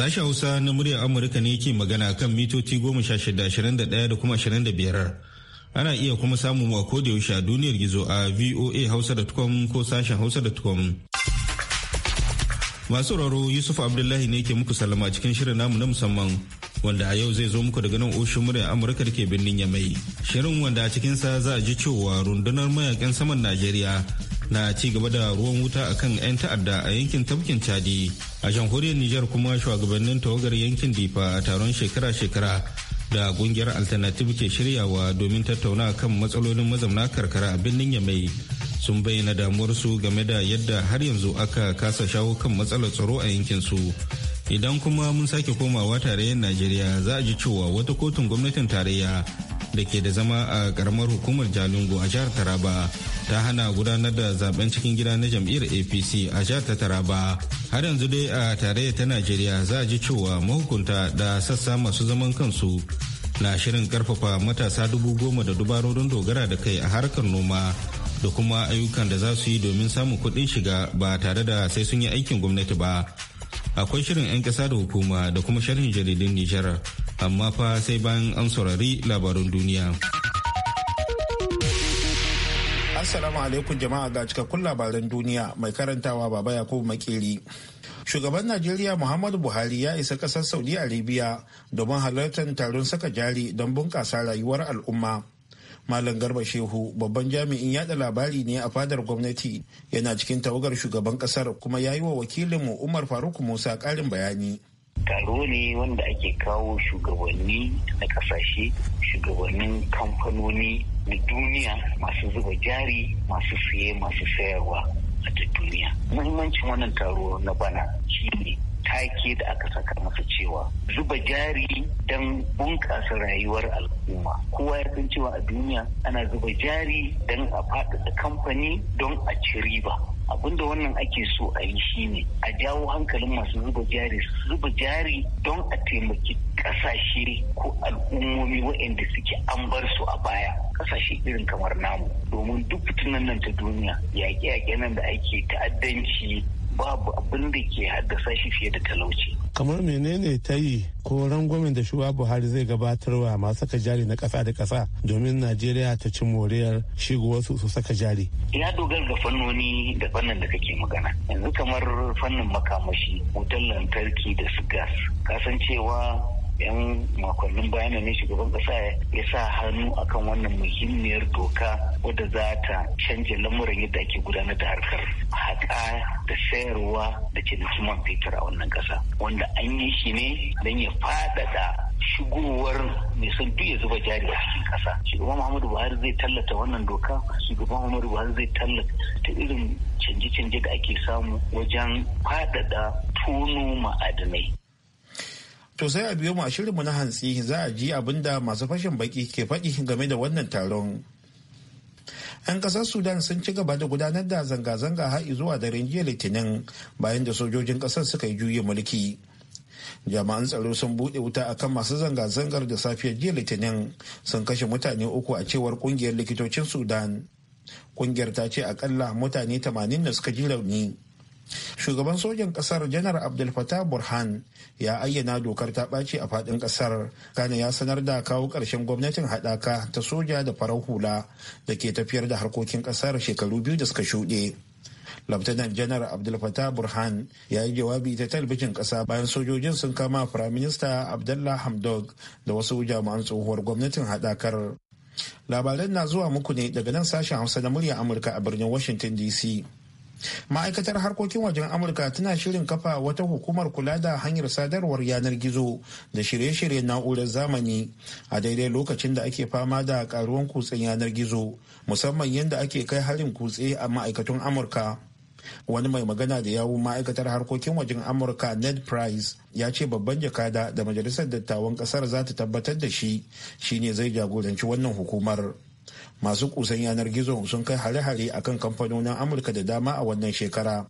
Sashen Hausa na muryar Amurka ne ke magana kan mitoci goma sha shida ashirin da ɗaya da kuma ashirin da biyar. Ana iya kuma samun a da yaushe a duniyar gizo a VOA hausa da Hausa.com ko sashen hausa da Hausa.com. Masu raro Yusuf Abdullahi ne ke muku salama cikin shirin namu na musamman. wanda a yau zai zo muku daga nan oshin murya amurka da ke birnin yamai shirin wanda a cikinsa za a ji cewa rundunar mayakan saman najeriya na ci gaba da ruwan wuta akan 'yan ta'adda a yankin tafkin chadi a jamhuriyar niger kuma shugabannin tawagar yankin difa a taron shekara-shekara da kungiyar alternative ke shiryawa domin tattauna kan matsalolin mazauna karkara a birnin yamai sun bayyana damuwarsu game da yadda har yanzu aka kasa shawo kan matsalar tsaro a yankinsu idan kuma mun sake komawa tarayyar najeriya za a ji cewa wata kotun gwamnatin tarayya da ke da zama a karamar hukumar jalingo a jihar taraba ta hana gudanar da zaben cikin gida na jam'iyyar apc a jihar ta taraba har yanzu dai a tarayyar ta najeriya za a ji cewa mahukunta da sassa masu zaman kansu na shirin karfafa matasa dubu goma da dubarorin dogara da kai a harkar noma da kuma ayyukan da za su yi domin samun kuɗin shiga ba tare da sai sun yi aikin gwamnati ba akwai shirin 'yan ƙasa da hukuma da kuma sharhin jaridun nijar amma fa sai bayan an saurari labarun duniya assalamu alaikum jama'a ga cikakkun labaran duniya mai karantawa baba yakubu makeri shugaban najeriya muhammadu buhari ya isa ƙasar saudi arabia domin halartar taron saka jari don bunƙasa rayuwar al'umma Malam Garba Shehu babban jami'in yada labari ne a fadar gwamnati yana cikin tawagar shugaban kasar kuma ya yi wa wakilinmu Umar Faruk Musa ƙarin bayani. Taro ne wanda ake kawo shugabanni na kasashe shugabannin kamfanoni na duniya masu zuba jari masu siye masu sayarwa a duniya. Muhimmancin wannan taro na bana shi ne take da aka saka masa cewa zuba jari don bunƙasa rayuwar al'umma kowa ya san cewa a duniya ana zuba jari don a faɗaɗa kamfani don a ci riba da wannan ake so a yi shine a jawo hankalin masu zuba jari su zuba jari don a taimaki ƙasashe ko al'ummomi waɗanda suke an bar su a baya Ƙasashe irin kamar namu domin duk fitinan nan ta duniya yaƙe-yaƙe nan da ake ta'addanci babu abin da ke haddasa shi fiye da talauci. kamar menene ta yi ko rangwamen da shugaba buhari zai gabatarwa masu saka jari na ƙasa da ƙasa domin najeriya ta ci moriyar wasu su saka jari ya dogara ga fannoni da fannin da kake magana yanzu kamar fannin makamashi wutar lantarki da su gas kasancewa yan makonnin bayan ne shugaban kasa ya sa hannu akan wannan muhimmiyar doka wadda za ta canja lamuran yadda ake gudanar da harkar haƙa da sayarwa da cinikin man fetur a wannan ƙasa. wanda an yi shi ne don ya faɗaɗa shigowar mai son duk ya zuba jari a cikin kasa shugaban muhammadu buhari zai tallata wannan doka shugaban muhammadu buhari zai tallata ta irin canje-canje da ake samu wajen faɗaɗa tono ma'adanai To sai a biyo mu a shirinmu na hantsi za a ji abin da masu fashin baki ke faɗi game da wannan taron. 'Yan ƙasar Sudan sun ci gaba da gudanar da zanga-zanga har zuwa daren jiya Litinin bayan da sojojin ƙasar suka yi juye mulki. Jama'an tsaro sun buɗe wuta akan masu zanga-zangar da safiyar jiya Litinin sun kashe mutane uku a cewar ƙungiyar likitocin Sudan. Ƙungiyar ta ce akalla mutane 80 da suka ji rauni. shugaban sojan kasar janar abdul fatah burhan ya ayyana dokar ta ɓaci a faɗin kasar Gane ya sanar da kawo ƙarshen gwamnatin haɗaka ta soja da farar hula da ke tafiyar da harkokin kasar shekaru biyu da suka shuɗe Laftanan janar Abdul Fattah Burhan ya yi jawabi ta talbijin ƙasa bayan sojojin sun kama Firaminista Abdullah hamdog da wasu jami'an tsohuwar gwamnatin haɗakar. Labaran na zuwa muku ne daga nan sashen Hausa na murya Amurka a birnin Washington DC. ma'aikatar harkokin wajen amurka tana shirin kafa wata hukumar kula da hanyar sadarwar yanar gizo da shirye shiryen na'urar zamani a daidai lokacin da ake fama da karuwan kutsen yanar gizo musamman yadda ake kai harin kutse a ma'aikatun amurka wani mai magana da yawun ma'aikatar harkokin wajen amurka ned price ya ce babban jakada da majalisar dattawan kasar za ta tabbatar da shi shine zai jagoranci wannan hukumar. masu kusan yanar gizo sun kai hare-hare a kan kamfanonin amurka da dama a wannan shekara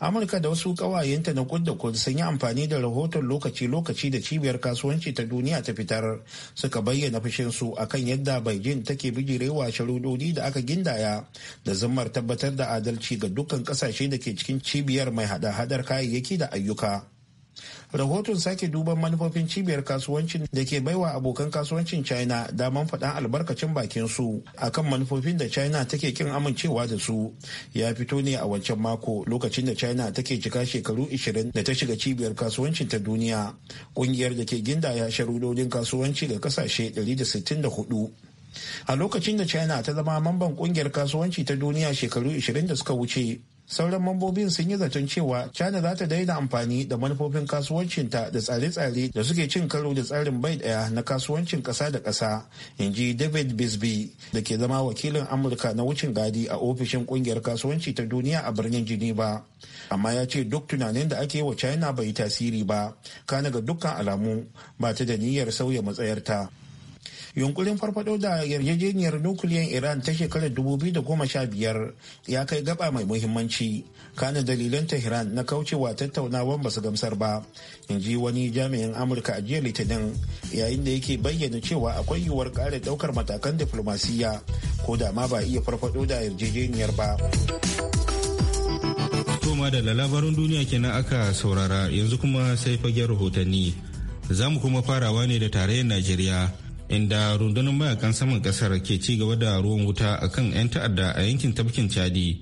amurka da wasu kawayenta na kudda kud sun yi amfani da rahoton lokaci-lokaci da cibiyar kasuwanci ta duniya ta fitar suka bayyana fushinsu kan yadda beijing take bijirewa sharudodi da aka gindaya da zammar tabbatar da adalci ga dukkan kasashe da ke cikin cibiyar mai hada-hadar kayayyaki da ayyuka rahoton sake duban manufofin cibiyar kasuwancin da ke baiwa abokan kasuwancin china daman faɗan albarkacin bakin su akan manufofin da china take kin amincewa da su ya fito ne a wancan mako lokacin da china take cika shekaru 20 da ta shiga cibiyar kasuwancin ta duniya kungiyar da ke gindaya sharudodin kasuwanci ga kasashe 164 a lokacin da china ta zama mamban kungiyar kasuwanci ta duniya shekaru 20 da suka wuce sauran mambobin sun yi zaton cewa china za ta daina amfani da manufofin kasuwancinta da tsare-tsare da suke cin karo da tsarin bai daya na kasuwancin kasa da kasa in ji david bisbee da ke zama wakilin amurka na wucin gadi a ofishin kungiyar kasuwanci ta duniya a birnin geneva amma ya ce duk tunanin da ake wa china bai tasiri ba kana ga dukkan alamu ba ta da niyyar sauya matsayarta yunkurin farfado da yarjejeniyar nukiliyar iran ta shekarar dubu biyu da goma sha biyar ya kai gaba mai muhimmanci kana dalilan tehran na kaucewa tattaunawan basu gamsar ba in ji wani jami'in amurka a jiya litinin yayin da yake bayyana cewa akwai yiwuwar kare daukar matakan diflomasiyya ko da ma ba iya farfado da yarjejeniyar ba kuma da labarin duniya kenan aka saurara yanzu kuma sai fagen rahotanni za mu kuma farawa ne da tarayyar najeriya inda rundunar mayakan saman kasar ke ci gaba da ruwan wuta a kan 'yan ta'adda a yankin tafkin chadi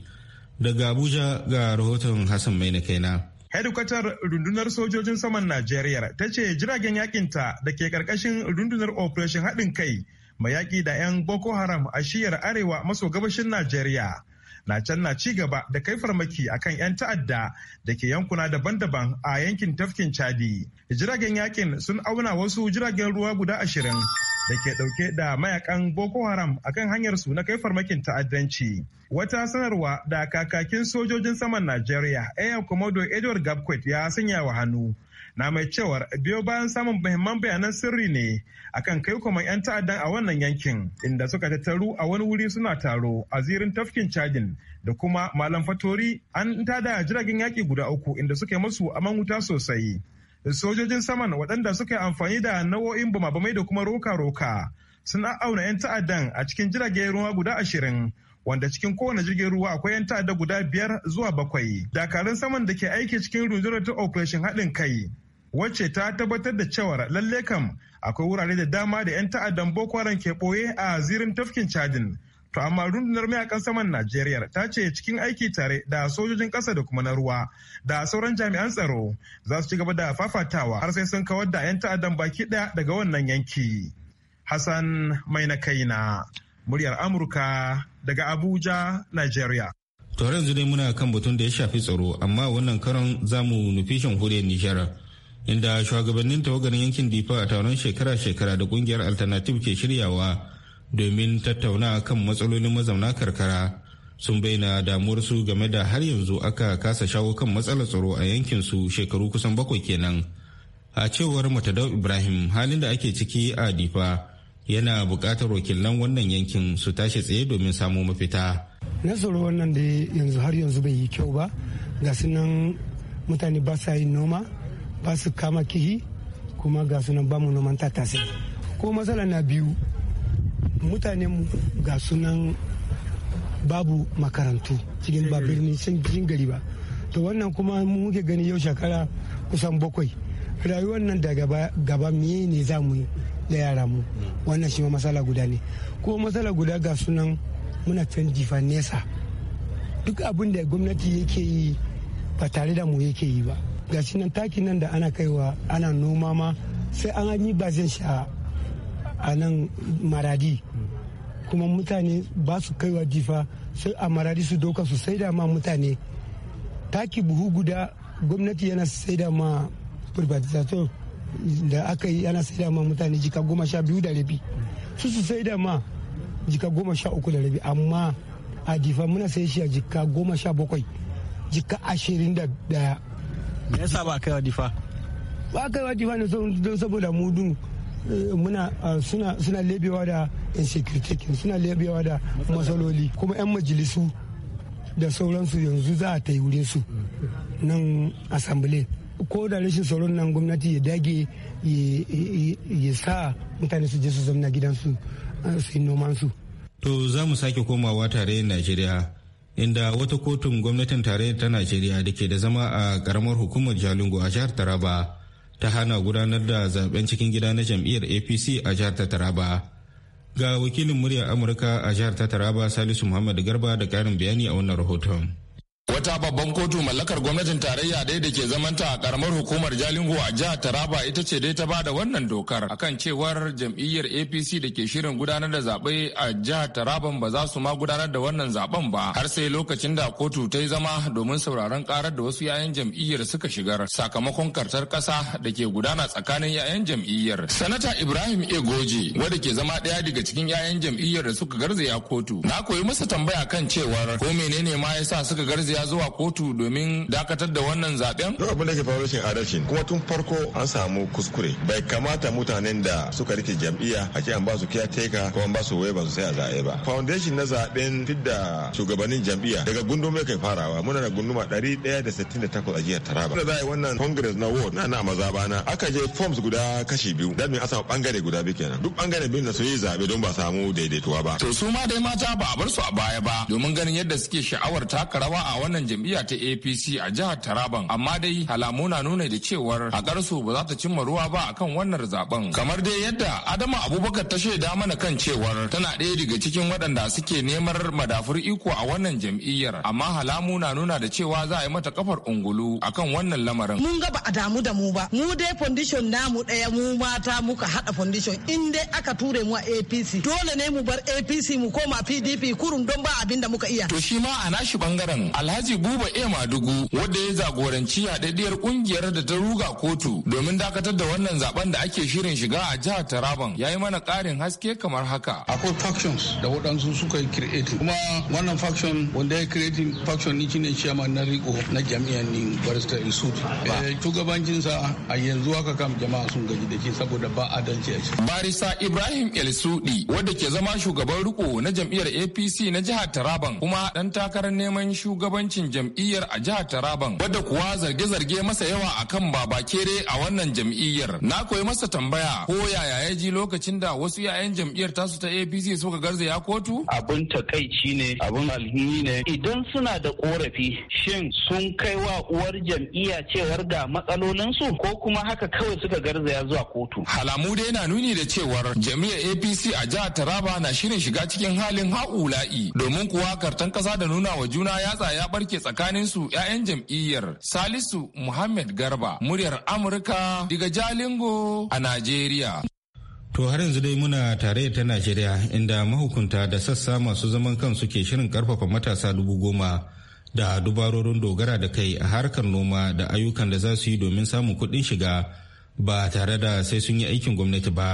daga abuja ga rahoton hassan mai na kaina hedikwatar rundunar sojojin saman najeriya ta ce jiragen yakinta da ke karkashin rundunar operation haɗin kai mai yaƙi da 'yan boko haram a shiyar arewa maso gabashin najeriya na can na ci gaba da kai farmaki akan 'yan ta'adda da ke yankuna daban-daban a yankin tafkin chadi jiragen yakin sun auna wasu jiragen ruwa guda ashirin da ke ɗauke da mayakan Boko Haram akan hanyar su na kai farmakin ta'addanci. Wata sanarwa da kakakin sojojin saman Najeriya, Air Komodo Edward Gabquet ya sanya wa hannu. Na mai cewar biyo bayan samun muhimman bayanan sirri ne akan kai kuma 'yan ta'addan a wannan yankin inda suka tattaru a wani wuri suna taro a zirin tafkin cajin, da kuma Malam Fatori an tada jiragen yaki guda uku inda suka yi masu aman wuta sosai. sojojin saman waɗanda suka yi amfani da nau'o'in bumabumai da kuma roka-roka sun auna 'yan ta'addan a cikin jiragen ruwa guda ashirin wanda cikin kowane jirgin ruwa akwai 'yan ta'adda guda biyar zuwa bakwai dakarun saman da ke aiki cikin rundunar ta operation haɗin kai wacce ta tabbatar da cewar lalle kam akwai wurare da dama da 'yan ta'addan boko haram ke ɓoye a zirin tafkin chadin To amma rundunar mayakan saman Najeriya ta ce cikin aiki tare da sojojin ƙasa da kuma na ruwa da sauran jami'an tsaro za su ci gaba da fafatawa har sai sun kawar da 'yan ta'addan baki ɗaya daga wannan yanki. Hassan mai na kaina muryar Amurka daga Abuja, Najeriya. To yanzu dai muna kan batun da ya shafi tsaro amma wannan karon zamu nufi shankuriyar Nijar. Inda shugabannin tawagar yankin Difa a taron shekara-shekara da kungiyar Alternative ke shiryawa domin tattauna kan matsalolin mazauna karkara sun bayyana su game da har yanzu aka kasa shawo kan matsalar tsaro a yankin su shekaru kusan bakwai kenan a cewar matadau ibrahim halin da ake ciki a difa yana buƙatar wakilan wannan yankin su tashi tsaye domin samu mafita na tsoro wannan da yanzu har yanzu bai yi kyau ba ga nan mutane ba sa yin noma ba su kama kihi kuma ga sunan mu noman tattasai ko matsala na biyu Mutane ga sunan babu makarantu cikin ba cikin gari ba to wannan kuma muke gani yau shekara kusan bakwai rayuwar nan da gaba miye ne za mu yi da yara mu wannan shi ma matsala guda ne kuma matsala guda ga sunan muna can jifa nesa duk abin da gwamnati yake yi ba tare da mu yake yi ba ga shi nan takin nan da ana kaiwa ana noma ma sai an yi bazin sha a nan maradi kuma mutane ba su kaiwa jifa sai a maradi su doka su saida ma mutane taki buhu guda gwamnati yana saida ma privatizator da aka yi yana saida ma mutane jika goma sha biyu da rabi su su saida ma jika goma sha uku da rabi amma a difa muna sai shi a jika goma sha bakwai jika ashirin da daya me yasa ba kaiwa difa ba kaiwa difa ne don saboda mudun Eh, muna ah, suna suna lebewa da insecurity suna lebewa da matsaloli kuma 'yan majalisu da sauransu yanzu za a tai wurin su nan assembly ko da rashin tsaron nan gwamnati ya dage ya sa mutane su je su zamna gidansu ah, su yi nomansu. To za mu sake komawa tarayyar Najeriya inda wata kotun gwamnatin tarayyar ta Najeriya da ke da zama a karamar hukumar Jalingo a jihar Taraba ta hana gudanar da zaben cikin gida na jam'iyyar apc a jihar ta taraba ga wakilin murya amurka a jihar ta taraba salisu muhammad garba da karin bayani a wannan rahoton Wata babban kotu mallakar gwamnatin tarayya dai da ke zamanta a karamar hukumar Jalingo a jihar Taraba ita ce dai ta ba da wannan dokar akan cewar jam'iyyar APC da ke shirin gudanar da zaɓe a jihar Taraban ba za su ma gudanar da wannan zaɓen ba har sai lokacin da kotu ta yi zama domin sauraron karar da wasu 'ya'yan jam'iyyar suka shigar sakamakon kartar ƙasa da ke gudana tsakanin 'ya'yan jam'iyyar. Sanata Ibrahim Egoji wanda ke zama ɗaya daga cikin 'ya'yan jam'iyyar da suka garzaya kotu. Na koyi masa tambaya kan cewar ko menene ma yasa suka garzaya ya zuwa kotu domin dakatar da wannan zaben? Duk abin da ke faru rashin adalci kuma tun farko an samu kuskure. Bai kamata mutanen da suka rike jam'iyya a ce an ba su kiyateka ko an ba su waye ba su sai a zaɓe ba. Foundation na zaben fidda shugabannin jam'iyya daga gunduma kai farawa muna da gunduma 168 a jihar Taraba. Da za a yi wannan congress na ward na na mazabana aka je forms guda kashi biyu da me a bangare guda biyu kenan duk bangare biyu na su yi zaɓe don ba samu daidaituwa ba. To su ma dai mata ba a bar su a baya ba domin ganin yadda suke sha'awar taka rawa a wannan jam'iyya ta apc a jihar taraban amma dai alamu na nuna da cewar garsu ba za ta cimma ruwa ba akan wannan zaben kamar dai yadda adama abubakar ta shaida mana kan cewar tana ɗaya daga cikin waɗanda suke neman madafur iko a wannan jam'iyyar amma alamu na nuna da cewa za a yi mata kafar ungulu akan wannan lamarin mun ga ba a damu da mu ba mu dai foundation namu ɗaya mu mata muka haɗa foundation in dai aka ture mu a apc dole ne mu bar apc mu koma pdp kurun don ba abin muka iya to shi ma a nashi bangaren alhaji Alhaji Buba E Madugu wanda ya zagoranci haɗaɗɗiyar ƙungiyar da ta ruga kotu domin dakatar da wannan zaben da ake shirin shiga a jihar Taraban ya yi mana ƙarin haske kamar haka. Akwai factions da waɗansu suka yi creating kuma wannan faction wanda ya creating faction ni ne chairman na riko na jami'an ni barista Isud. Eh, shugabancinsa a yanzu haka kam jama'a sun gaji da shi saboda ba adalci a ciki. Barista Ibrahim El Sudi wanda ke zama shugaban riko na jam'iyyar APC na jihar Taraban kuma ɗan takarar neman shugaban shugabancin jam'iyyar a jihar Taraban wadda kuwa zarge-zarge masa yawa akan baba kere a wannan jam'iyyar. Na koyi masa tambaya ko yaya ya ji lokacin da wasu 'ya'yan jam'iyyar tasu ta APC suka garzaya kotu? Abin takaici ne, abin alhini ne. Idan suna da korafi shin sun kai wa uwar jam'iyya cewar ga matsalolin su ko kuma haka kawai suka garzaya zuwa kotu. Halamu dai na nuni da cewar jam'iyyar APC a jihar Taraba na shirin shiga cikin halin ha'ula'i domin kuwa kartan kasa da nuna wa juna yatsa ya barke tsakanin su 'ya'yan jam'iyyar Salisu Muhammad Garba muryar Amurka daga Jalingo a Najeriya. To har yanzu dai muna tare ta Najeriya inda mahukunta da sassa masu zaman kansu ke shirin karfafa matasa dubu goma da dubarorin dogara da kai a harkar noma da ayyukan da za su yi domin samun kuɗin shiga ba tare da sai sun yi aikin gwamnati ba.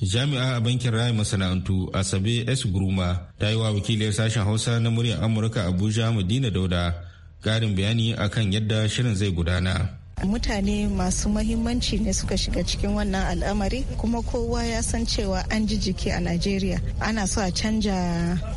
jami'a a bankin raya masana'antu asabe s guruma ta yi wa wakiliyar sashen hausa na muryar amurka abuja madina dauda karin bayani akan yadda shirin zai gudana mutane masu mahimmanci ne suka shiga cikin wannan al'amari kuma kowa ya san cewa an ji jiki a najeriya ana so a canja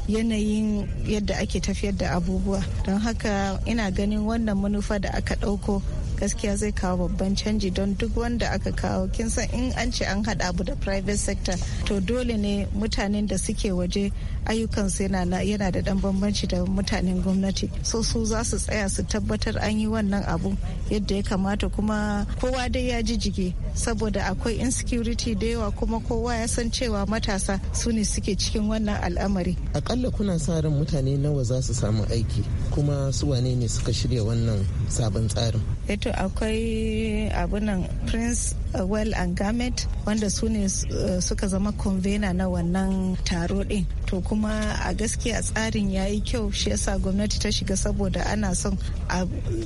yanayin yadda ake tafiyar da abubuwa don haka ina ganin wannan manufa da aka ɗauko gaskiya zai kawo babban canji don duk wanda aka kawo kin san in an ce an haɗa abu da private sector to dole ne mutanen da suke waje ayyukansu yana da ɗan bambanci da mutanen gwamnati so su za su tsaya su tabbatar an yi wannan abu yadda ya kamata kuma kowa dai ya ji jige saboda akwai insecurity da yawa kuma kowa ya san cewa matasa su ne suke cikin wannan al'amari akalla kuna sa ran mutane nawa za su samu aiki kuma su wane ne suka shirya wannan sabon tsarin eto eh akwai abunan prince uh, well and garment wanda su ne uh, suka zama convener na wannan taro din to kuma a gaskiya tsarin ya yi kyau shi yasa gwamnati ta shiga saboda ana son a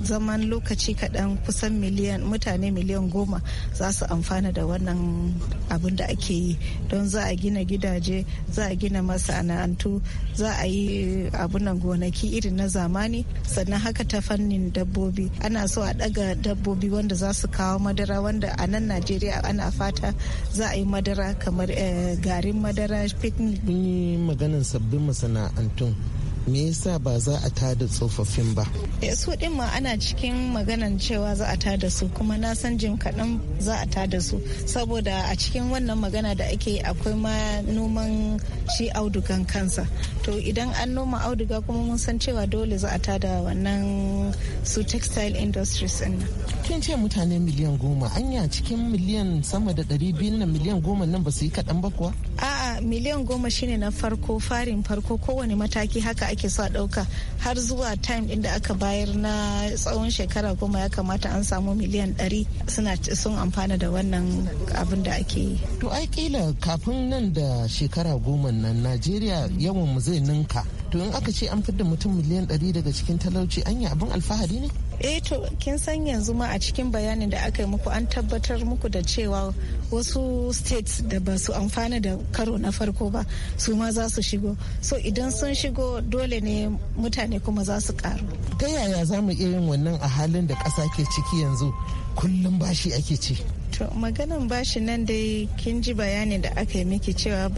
zaman lokaci kaɗan kusan miliyan mutane miliyan goma za su amfana da wannan abin da ake yi don za a gina gidaje za a gina masana'antu za a yi abunan gonaki irin na zamani sannan haka ta fannin dabbobi ana so a daga dabbobi wanda za su kawo madara wanda a nan najeriya ana fata za a yi madara kamar eh, garin madara maganin sabbin masana'antun me yasa ba za a tada tsofaffin ba eh, su din ma ana cikin maganan cewa za a tada su kuma na san jim kaɗan za a tada su saboda a cikin wannan magana da ake akwai ma noman shi audugan kansa to idan an noma auduga kuma mun san cewa dole za a tada wannan su textile industries din kin ce mutane miliyan goma anya cikin miliyan sama da ɗari biyu na miliyan goma nan ba su yi kaɗan ba kuwa a miliyan goma shine na farko farin farko kowane mataki haka ake so a ɗauka har zuwa time ɗin da aka bayar na tsawon shekara goma ya kamata an samu miliyan ɗari suna sun amfana da wannan abin da ake yi. To ai kila kafin nan da shekara goma nan Najeriya yawan mu zai ninka. To in aka ce an fidda mutum miliyan ɗari daga cikin talauci anya abin alfahari ne? eh to kin san yanzu ma a cikin bayanin da aka yi muku an tabbatar muku da cewa wasu states da ba su amfana da karo na farko ba su ma za su shigo so idan sun shigo dole ne mutane kuma za su karu ta yaya za mu iya yin wannan a halin da ƙasa ke ciki yanzu kullum bashi ake ci to maganan bashi nan dai kin ji bayanin da aka yi miki cewa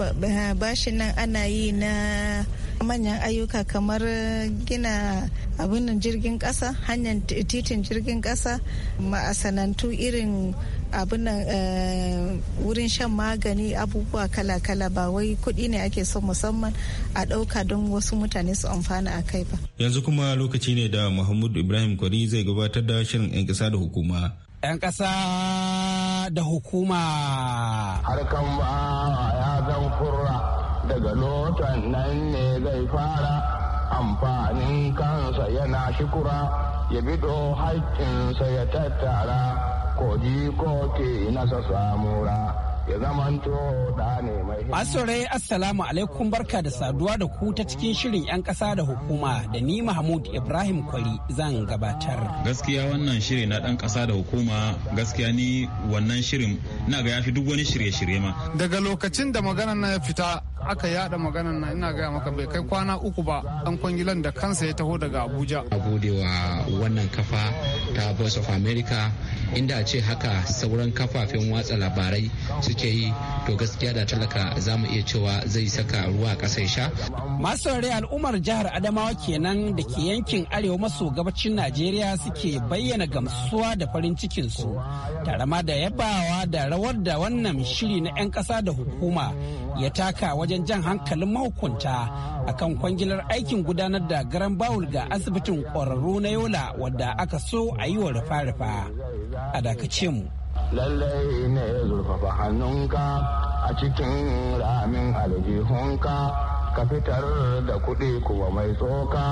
bashin nan ana yi na manyan ayyuka kamar eh, gina abin jirgin kasa hanyar titin jirgin kasa ma'asanantu irin abin eh, wurin shan magani abubuwa kala-kala ba wai kuɗi ne ake so musamman a ɗauka don wasu mutane su amfana a kai ba. Yanzu kuma lokaci ne da Muhammadu Ibrahim Kwari zai gabatar da shirin 'yan ƙasa da hukuma. 'Yan ƙasa da hukuma. Harkan ba ya zan kurra. daga lotan nan ne zai fara amfanin kansa yana shikura ya bido haƙƙinsa ya tattara koji ko ke nasa samura ya zamanto da ne mai Asore assalamu alaikum barka da saduwa da ku ta cikin shirin 'yan ƙasa da hukuma da ni Mahmud Ibrahim Kwari zan gabatar. Gaskiya wannan shiri na ɗan ƙasa da hukuma gaskiya ni wannan shirin na ga ya fi duk wani shirye-shirye ma. Daga lokacin da magana na ya fita aka yada maganan na ina gaya maka bai kai kwana uku ba dan kwangilan da kansa ya taho daga abuja a wa wannan kafa ta voice of america inda a ce haka sauran kafafen watsa labarai suke yi to gaskiya da talaka za mu iya cewa zai saka ruwa ƙasa sha. masu al'ummar jihar adamawa kenan da ke yankin arewa maso gabacin najeriya suke bayyana gamsuwa da farin cikinsu tare ma da yabawa da rawar da wannan shiri na 'yan ƙasa da hukuma ya taka wajen jan hankalin mahukunta akan kwangilar aikin gudanar da garan bawul ga asibitin ƙwararru na yola wadda aka so a yi wa rufa-rufa a dakace mu lallai ne zurfafa hannunka a cikin ramin aljihunka ka fitar da kuɗi kuma mai tsoka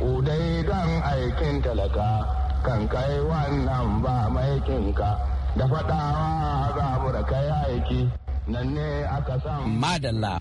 kudai don aikin talaka kan kai wannan ba maikinka da faɗawa za mu da kai aiki nan ne madalla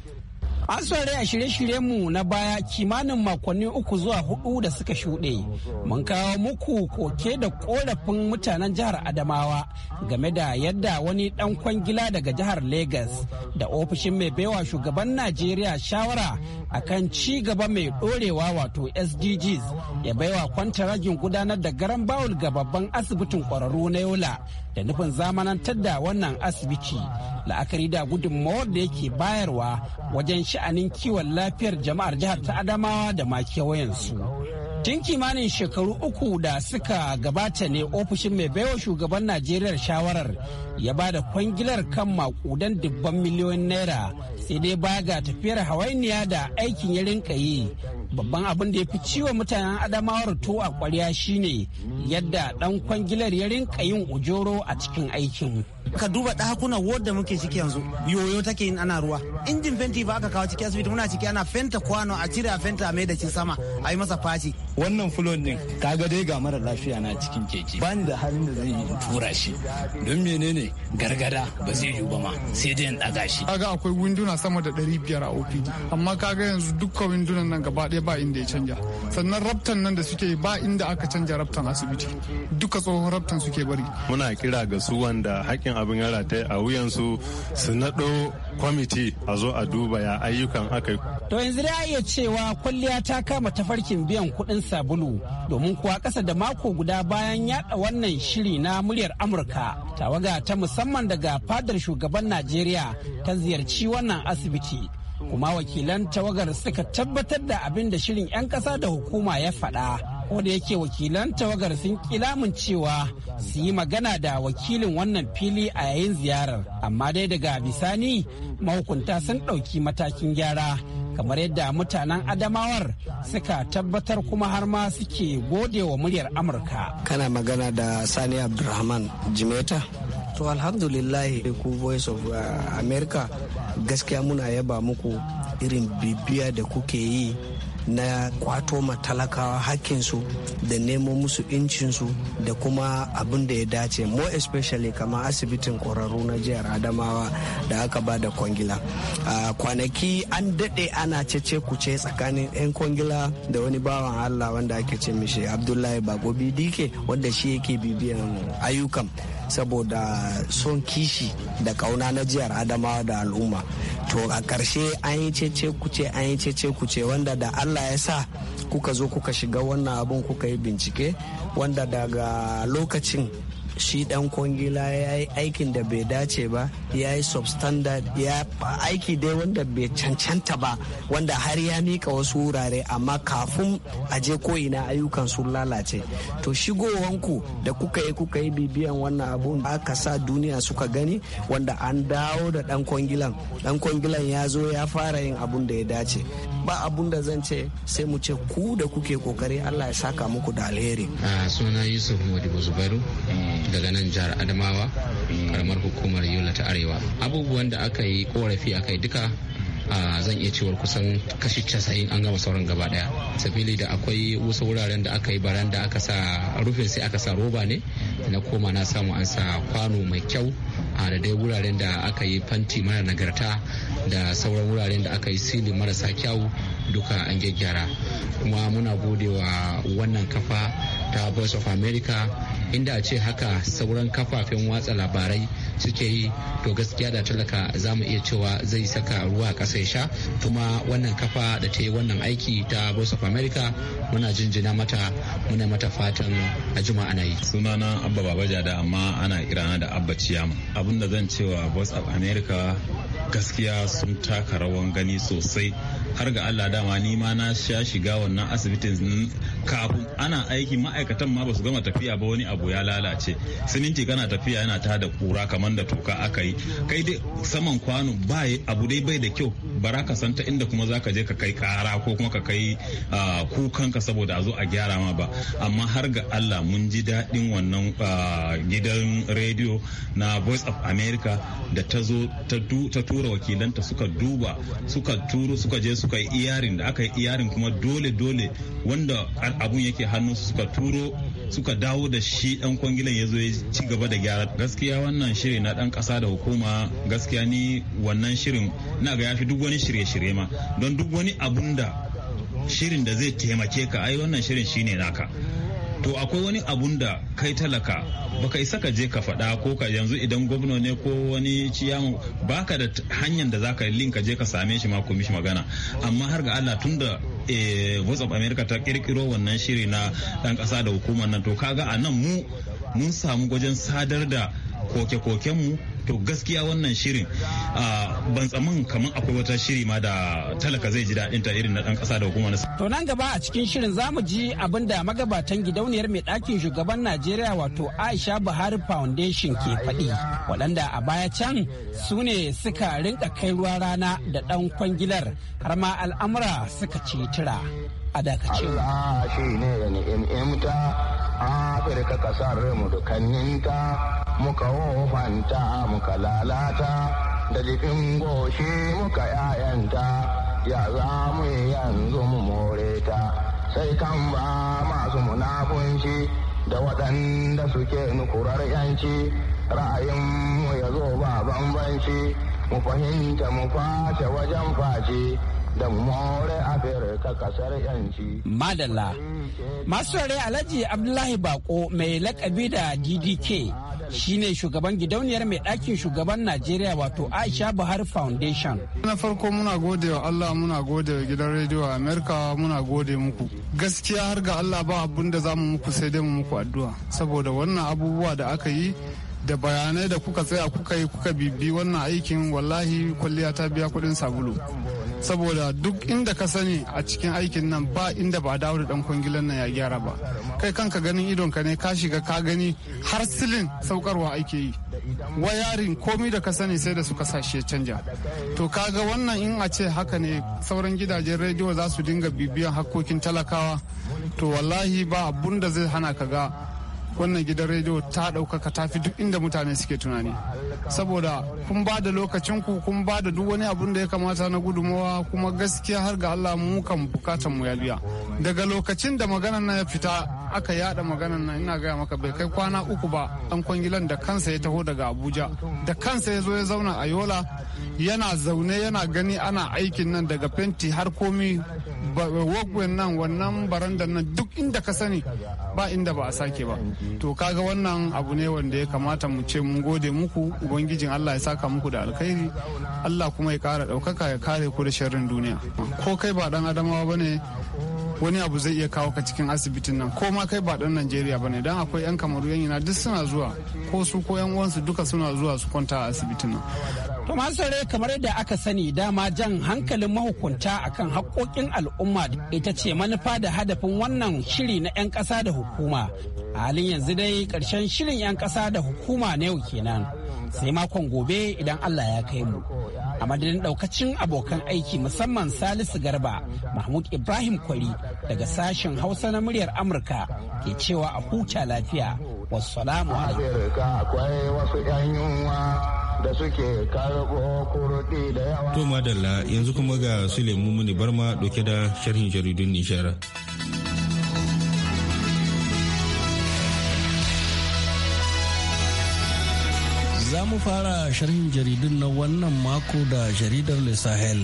An rai a shirye mu na baya kimanin makonni uku zuwa hudu da suka shuɗe. Mun kawo muku koke da korafin mutanen jihar Adamawa game da yadda wani ɗan kwangila daga jihar Legas da ofishin mai baiwa shugaban Najeriya shawara akan ci gaba mai dorewa wato sdgs ya baiwa kwantaragin gudanar da garan bawul ga babban asibitin kwararru na yola da nufin zamanantar da wannan asibiti la'akari da gudunmawar da yake bayarwa wajen sha'anin kiwon lafiyar jama'ar jihar ta adamawa da ma kewayensu Tun kimanin shekaru uku da suka gabata ne ofishin mai baiwa shugaban Najeriya shawarar ya ba da kwangilar kan makudan dubban miliyoyin naira sai dai baya ga tafiyar hawainiya da aikin ya rinka yi. Babban abin da ya fi ciwon mutanen adamawar to a kwarya shine yadda dan kwangilar ya rinka yin ujoro a cikin aikin. ka duba dakuna wadda muke ciki yanzu yoyo take yin ana ruwa injin fenti ba aka kawo ciki asibiti muna ciki ana fenta kwano a cire a fenta a mai da shi sama a yi masa faci wannan fulon din kaga dai ga mara lafiya na cikin keke ba ni da halin da zai yi tura shi don menene gargada ba zai yi ba ma sai dai in daga shi kaga akwai winduna sama da 500 a OPD amma kaga yanzu dukkan windunan nan gaba ɗaya ba inda ya canja sannan rabtan nan da suke ba inda aka canja rabtan asibiti duka tsohon rabtan suke bari muna kira ga su wanda haƙin abin ya rata a wuyansu su naɗo kwamiti a zo a duba ya ayyukan aka To yanzu da iya cewa kwalliya ta kama tafarkin biyan kuɗin sabulu domin kuwa ƙasa da mako guda bayan yaɗa wannan shiri na muryar Amurka tawaga ta musamman daga fadar shugaban Najeriya ta ziyarci wannan asibiti. kuma wakilan tawagar suka tabbatar da abin da shirin 'yan ƙasa da hukuma ya faɗa ko da yake wakilan tawagar sun kilamun cewa su yi magana da wakilin wannan fili a yayin ziyarar amma dai daga bisani mahukunta sun ɗauki matakin gyara kamar yadda mutanen adamawar suka tabbatar kuma har ma suke gode wa muryar amurka kana magana da sani abdulrahman jimeta to alhamdulillah ku voice of uh, america gaskiya muna yaba muku irin bibiya da kuke yi na kwato ma talakawa hakkinsu da nemo musu incinsu da kuma abin da ya dace mo especially kama asibitin kwararru na jihar adamawa da aka ba da kwangila kwanaki an daɗe ana cece kuce tsakanin 'yan kwangila da wani bawan allah wanda ake ce mishi abdullahi bago dike wanda shi yake bibiyan ayyukan saboda son kishi da kauna na jihar adamawa da al'umma to a ƙarshe an yi cece kuce an yi cece kuce wanda da allah allah ya sa kuka zo kuka shiga wannan abin kuka yi bincike wanda daga lokacin shi dan kwangila ya yi aikin da bai dace ba ya yi substandard ya aiki dai wanda bai cancanta ba wanda har ya mika wasu wurare amma kafin a je ko'ina ayyukan sun lalace to shigowanku da kuka yi kuka yi bibiyan wannan abun aka sa duniya suka gani wanda an dawo da dan kwangilan dan kwangilan ya zo ya fara yin abun da ya dace ba abun da zan ce sai mu ce ku da kuke kokari allah ya saka muku da alheri ah, suna yusuf modibo zubairu eh, daga nan jihar adamawa karamar hukumar yola ta arewa abubuwan da aka yi korafi yi duka a zan iya cewar kusan kashi casa'in an gama sauran gaba daya sabili da akwai wasu wuraren da aka yi baranda aka sa rufin sai aka sa roba ne na koma na samu an sa kwano mai kyau a da dai wuraren da aka yi fanti mara nagarta da sauran wuraren da aka yi sili marasa kyau duka an gyaggyara kuma muna gode wa wannan kafa ta voice of america inda a ce haka sauran kafafen watsa labarai suke yi to gaskiya da talaka za mu iya cewa zai saka ruwa a ya sha kuma wannan kafa da ta yi wannan aiki ta voice of america muna jinjina mata muna mata fatan a juma ana yi sunana abba jada amma ana kirana da abba ciyama abinda zan cewa voice of america gaskiya sun taka rawan gani sosai har ga allah dama ni ma na sha shiga wannan asibitin kafin ana aiki ma'aikatan ma basu gama tafiya ba wani abu ya lalace siminti kana tafiya yana ta da kura kamar da toka aka yi kai dai saman kwano ba abu dai bai da kyau bara ka santa inda kuma za je ka kai kara ko kuma ka kai ka saboda a zo a gyara ma ba amma har ga allah mun ji daɗin wannan gidan rediyo na voice of america da ta zo ta tu tura wakilanta suka duba suka turo suka je suka yi iyarin da aka yi iyarin kuma dole dole wanda abun yake hannun suka turo suka dawo da shi dan kwangilan ya zo ya ci gaba da gyara gaskiya wannan shiri na dan kasa da hukuma gaskiya ni wannan shirin na ga yafi duk wani shirye-shirye ma don duk wani abun da shirin da zai taimake ka ai wannan shirin shine naka to akwai wani abun da kai talaka baka isa ka je ka faɗa ko ka yanzu idan gwamna ne ko wani ciyamu baka da hanyar da za zaka link ka je ka same shi ma mishi magana amma har ga Allah tun da eh, Voice of America ta kirkiro wannan shiri na dan kasa da hukumar nan to kaga a nan mu mun samu wajen sadar da koke koken mu. to gaskiya wannan shirin ban tsamin kamar akwai wata shiri ma da talaka zai ji daɗin ta irin na ɗan ƙasa da hukumar to nan gaba a cikin shirin za mu ji abin da magabatan gidauniyar mai ɗakin shugaban najeriya wato aisha buhari foundation ke faɗi waɗanda a baya can su ne suka rinka kai ruwa rana da ɗan kwangilar har ma al'amura suka ce tura a dakacewa. afirka kasar mu dukanninta muka wofanta muka lalata da jikin goshi muka yayanta ya za mu yi yanzu mu more ta sai kan ba masu munafunci da waɗanda suke nukurar yanci ra'ayin mu ya zo ba bambanci mu fahimta mu face wajen face da more afirka kasar yanci. Madalla. Masu rare Alhaji Abdullahi Bako mai lakabi da DDK shine shugaban gidauniyar mai ɗakin shugaban Najeriya wato Aisha Buhari Foundation. Na farko muna gode wa Allah muna gode wa gidan rediyo Amerika muna gode muku. Gaskiya har ga Allah ba abun da za muku sai dai mu muku addu'a saboda wannan abubuwa da aka yi da bayanai da kuka tsaya kuka yi kuka bibi wannan aikin wallahi kwalliya ta biya kuɗin sabulu. saboda duk inda ka sani a cikin aikin nan ba inda ba dawo da dan kwangilan nan ya gyara ba kai kanka ganin idon ka ne ka shiga ka gani har silin saukarwa ake yi wayarin komi da ka sani sai da suka sashe canja to kaga wannan in a ce haka ne sauran gidajen rediyo za su dinga bibiyan hakkokin talakawa to wallahi ba abun da zai hana ka ga wannan gidan rediyo ta ɗaukaka ta fi duk inda mutane suke tunani saboda kun ba da lokacinku kun ba da duk wani abun da ya kamata na gudunmawa kuma gaskiya har ga allah mu kan bukatan mu ya biya daga lokacin da maganan na ya fita aka yada maganan nan ina gaya maka bai kai kwana uku ba dan kwangilan da kansa ya taho daga abuja da kansa ya zo ya zauna a yola yana zaune yana gani ana aikin nan daga fenti har komi walkway nan wannan barandar nan duk inda ka sani ba inda ba a sake ba to kaga wannan abu ne wanda ya kamata mu ce mun gode muku ubangijin Allah ya saka muku da alkhairi Allah kuma ya kara daukaka ya kare ku da sharrin duniya ko kai ba dan adamawa bane wani abu zai iya kawo ka cikin asibitin nan ko ma kai ba dan najeriya bane ne akwai yan kamaru yan yana duk suna zuwa ko su ko yan uwansu duka suna zuwa su kwanta a asibitin nan To masare kamar yadda aka sani dama jan hankalin mahukunta akan haƙoƙin al'umma ita ce manufa da hadafin wannan shiri na 'yan ƙasa da hukuma. A halin yanzu dai ƙarshen shirin 'yan ƙasa da hukuma na yau kenan. Sai makon gobe idan Allah ya kai mu. A madadin ɗaukacin abokan aiki musamman Salisu Garba, Mahmud Ibrahim Kwari daga sashen Hausa na muryar Amurka ke cewa a huta lafiya. Wassalamu alaikum. da suke karɓo kurɗi da yawa. To Madalla yanzu kuma ga Suleiman Mumuni Barma doke da sharhin jaridun Nijar. Za mu fara sharhin jaridun na wannan mako da jaridar Le Sahel.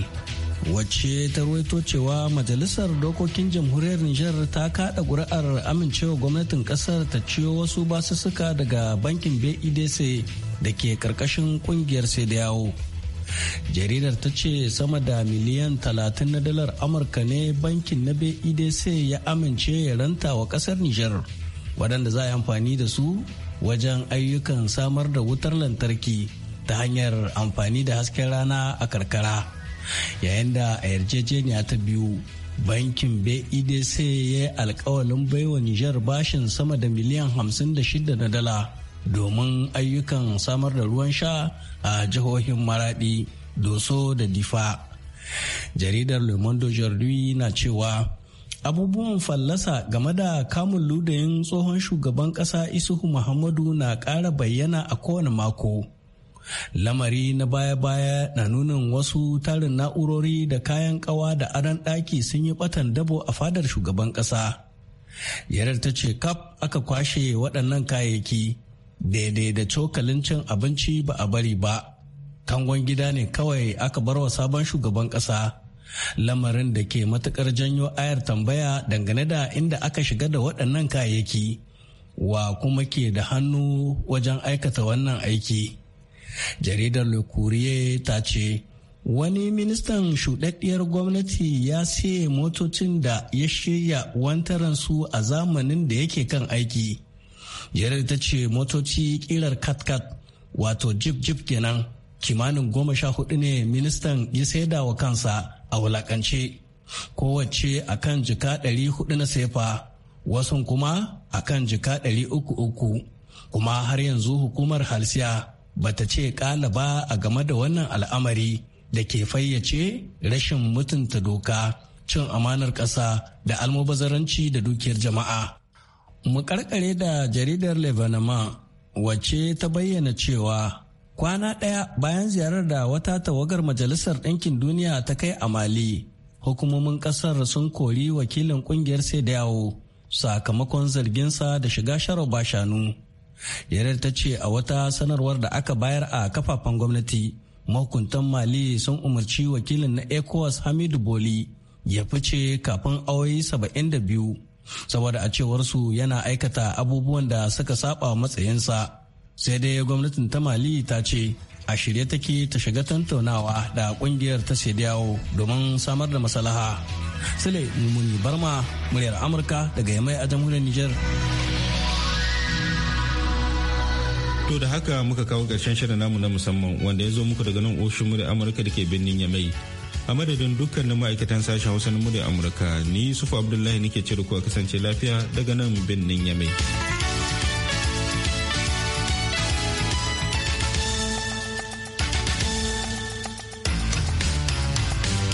wacce ta ruwaito cewa majalisar dokokin jamhuriyar nijar ta kada ƙuri'ar amincewa gwamnatin kasar ta ciyo wasu basussuka daga bankin bedc da ke karkashin kungiyar sai da yawo jaridar ta ce sama da miliyan 30 na dalar amurka ne bankin na bedc ya amince ya ranta wa kasar nijar waɗanda za a yi amfani da su wajen ayyukan samar da wutar lantarki ta hanyar amfani da hasken rana a karkara yayin da a yarjejeniya ta biyu bankin bedc ya yi alkawalin baiwa nijar bashin sama da miliyan 56 na dala domin ayyukan samar da ruwan sha a jihohin maradi doso da difa jaridar le monde na cewa abubuwan fallasa game da kamun ludayin tsohon shugaban ƙasa, isuhu muhammadu na ƙara bayyana a kowane mako lamari na baya-baya na nunin wasu tarin na'urori da kayan kawa da adon ɗaki sun yi ɓatan dabo a fadar shugaban ƙasa yarar ta ce kaf aka kwashe waɗannan kayayyaki daidai da cokalin cin abinci ba a bari ba kangon gida ne kawai aka bar wa sabon shugaban ƙasa lamarin da ke matukar janyo ayar tambaya dangane da inda aka shiga da waɗannan kayayyaki wa kuma ke da hannu wajen aikata wannan aiki jaridar le ta ce wani ministan shuɗaɗɗiyar gwamnati ya siye motocin da ya shirya wantaransu a zamanin da yake kan aiki jerar ta ce motoci kirar katkat wato jip jip kenan kimanin goma sha hudu ne ministan ya saida wa kansa a wulakance kowace kan jika ɗari hudu na sefa wasu kuma a kan jika ɗari uku uku kuma har yanzu hukumar halsiya ba ta ce ƙala ba a game da wannan al'amari da ke fayyace rashin mutunta doka cin amanar ƙasa da almubazaranci da dukiyar jama'a Mu karkare da jaridar Lebanama wace ta bayyana cewa kwana ɗaya bayan ziyarar da wata tawagar Majalisar Ɗinkin Duniya ta kai a Mali, hukumomin ƙasar sun kori wakilin ƙungiyar sai-da-yawo sakamakon zarginsa da shiga sharo shanu. Yarar ta ce a wata sanarwar da aka bayar a kafafen gwamnati, mahukuntan Mali sun umarci wakilin na ECOWAS Hamidu Boli ya fice kafin da biyu. saboda a cewarsu yana aikata abubuwan da suka saba matsayinsa sai dai gwamnatin ta mali ta ce a shirye take ta shiga tantaunawa da kungiyar ta sediyawo domin samar da maslaha sule yi barma muryar amurka daga yamai a jamhuriyar niger To da haka muka kawo ƙarshen shirin namu na musamman wanda ya zo muku daga nan oshin muryar Amurka da ke birnin Yamai. a madadin dukkanin ma'aikatan sashen hausa na murya amurka ni sufa abdullahi nake cire ku a kasance lafiya daga nan birnin yamai